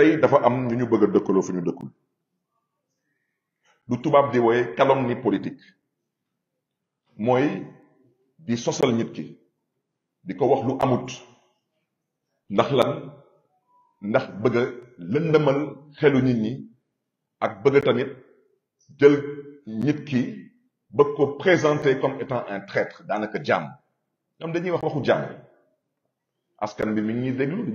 tey dafa am ñu bëgg a fu ñu dëkkul du tubaab di ni politique mooy di sosal di ko wax lu amut ndax ndax bëgg xelu nit ñi ak bëgg jël ko présenter comme étant un traître daanaka qui ñoom dañuy wax waxu askan bi mi ñu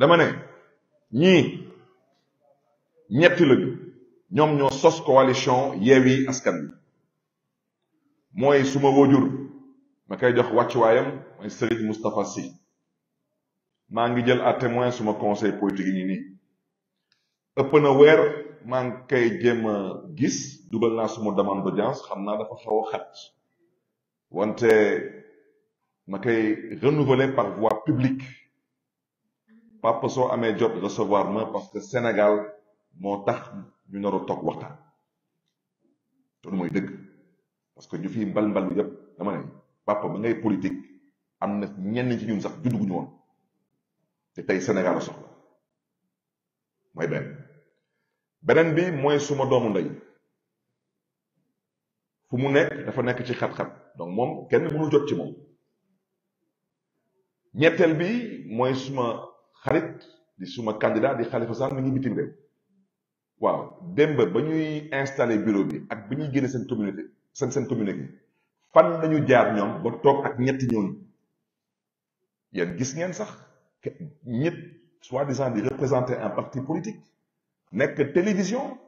dama ne ñi ñetti lañu ñoo sos coalition Askan bi moy suma ma jox wayam moy Serigne ngi jël à témoin suma conseil politique ñi ni gis suma demande dafa ma renouveler par voie publique papa soo amee de recevoir ma parce que Sénégal moo tax ñu nar tok toog waxtaan moy deug parce que ñu fi mbal mbal yépp dama né papa ba ngay politique amna ñenn ci ñun sax juddu ñu won té tay Sénégal a soxla moy benn benen bi moy suma doomu ndey fu mu nekk dafa nekk ci xat-xat donc moom kenn mënul jot ci moom ñetteel bi mooy suma xarit di suma candidat di Khalifa Sall mi ngi bitim réew waaw démb ba ñuy installé bureau bi ak ba ñuy génne seen communauté seen seen communauté fan lañu jaar ñoom ba toog ak ñetti ñooñu yéen gis ngeen sax ñit soi-disant di représenter un parti politique nekk télévision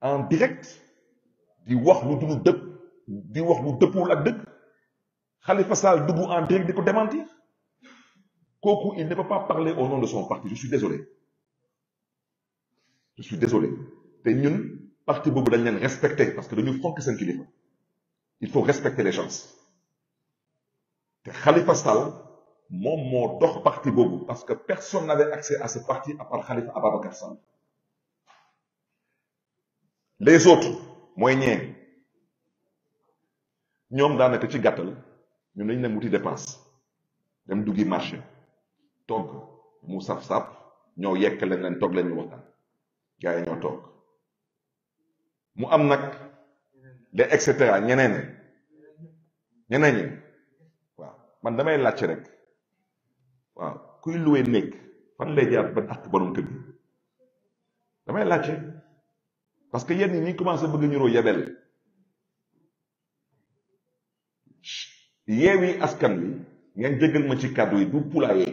en direct di wax lu dunu dëpp di wax lu dëppul ak dëgg Khalifa Sall dugg en direct di ko démentir il ne peut pas parler au nom de son parti. Je suis désolé. Je suis désolé. nous, parti bobu parce que dañu c'est un kilifa. Il faut respecter les gens. Le Khalifa Sall mon mot parti Bobo parce que personne n'avait accès à ce parti à part Khalifa Ababakar Sall. Les autres moyens, sommes dans daanaka ci gàttal ñun dañ dem wuti dépense dem marché. togg mu saf-saf ñoo yekk leen leen toog leen ñu waxtaan yi ñoo toog mu am nag de et cetera ñeneen ñeneen ñi waaw man damay làcc rek waaw kuy luwe néeg fan lay jaar ba ak borom kër gi damay làcc parce que yenn ñi ñu commencé bëgg ñuroo yebel yeewi askan wi ngeen jégal ma ci kàddu yi du pulaayee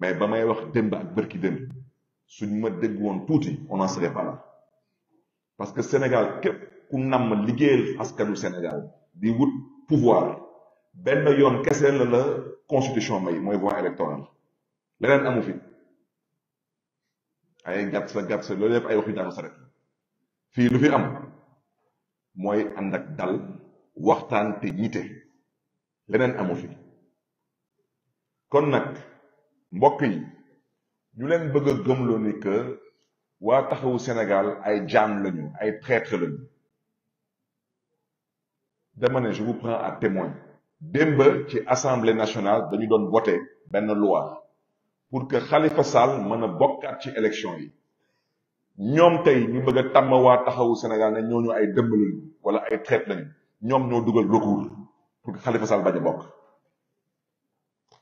mais ba may wax démb ak bërki démb suñ ma dégg woon tuuti on en serait pas là parce que Sénégal képp ku namm liggéeyal askanu Sénégal di wut pouvoir benn yoon kese la la constitution may mooy voie électorale leneen amu fi ay gàtt sa gàtt sa loolu yëpp ay waxi daanu saret fii lu fi am mooy ànd ak dal waxtaan te yiite leneen amu fi kon nag mbokk yi ñu leen bëgg a gëmloo ni waa taxawu Sénégal ay jaam lañu ay traître lañu dama ne je vous prends à témoin démb ci assemblée nationale dañu doon voté benn loi pour que Khalifa Sall mën a bokkaat ci élection yi ñoom tey ñu bëgg a tàmm waa taxawu Sénégal ne ñooñu ay dëmb lañu wala ay traître lañu ñoom ñoo dugal recours pour que Khalifa Sall bañ a bokk.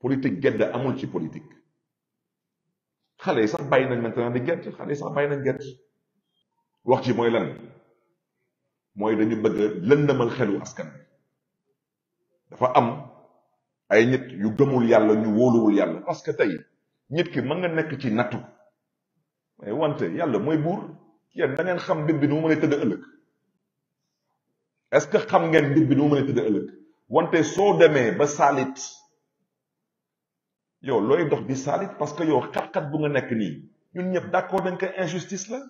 politique gedd amul ci politique xale yi sax bàyyi nañ maintenant di gedd xale yi sax bàyyi nañ gedd wax ji mooy lan mooy dañu bëgg lëndëmal xelu askan bi dafa am ay nit yu gëmul yàlla ñu wóoluwul yàlla parce que tey nit ki mën nga nekk ci nattu mais wante yàlla mooy buur yéen da xam mbir bi nu mu mën est-ce que xam ngeen bi nu mu tëdd ëllëg wante soo demee ba saalit yow looy dox di salit parce que yow xat-xat bu nga nekk nii ñun ñëpp d'accord nañ injustice la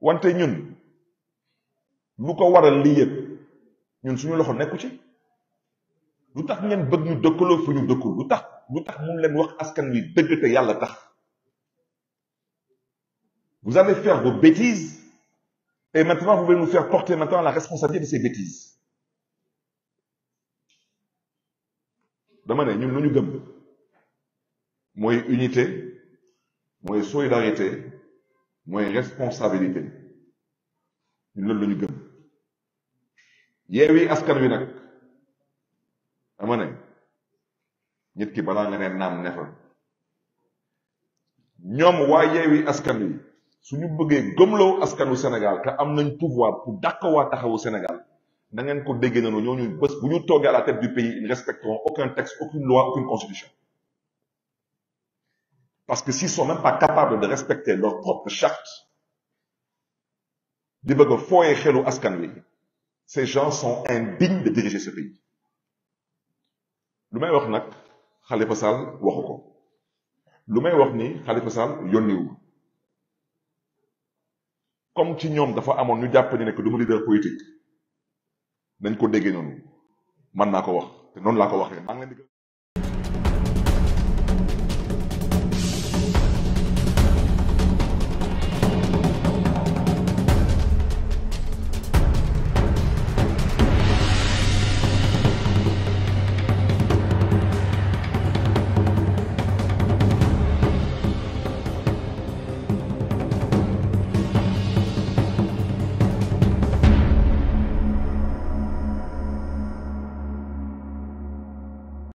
wante ñun lu ko waral lii yëpp ñun suñu loxo nekku ci lu tax ngeen bëgg ñu dëkkaloo fu ñu dëkkul lu tax lu tax mun leen wax askan wi dëgg te yàlla tax vous allez faire vos bêtises et maintenant vous voulez nous faire porter maintenant la responsabilité de ces bêtises dama ne ñun lu ñu gëm mooy unité mooy solidarité mooy responsabilité ñun loolu la ñu gëm yeewi askan wi nag dama ne nit ki balaa nga ne naam ne fa ñoom waa yeewi askan wi suñu bëggee gëmloo askanu Sénégal ka am nañ pouvoir pour dàq waa taxawu Sénégal na ngeen ko déggee noonu ñu bëss bu ñu toogee à la tête du pays ils ne respecteront aucun texte aucune loi aucune constitution parce que s'ils sont même pas capables de respecter leur propre charte di bëgg a xélu askan wi ces gens sont indignes de diriger ce pays lu may wax nak Khalifa Sall waxuko ko lu may wax ni Khalifa Sall wu comme ci ñoom dafa amoon ñu jàpp ni nekk du leader politique nañ ko déggee noonu man naa ko wax te noonu laa ko waxee maa ngi leen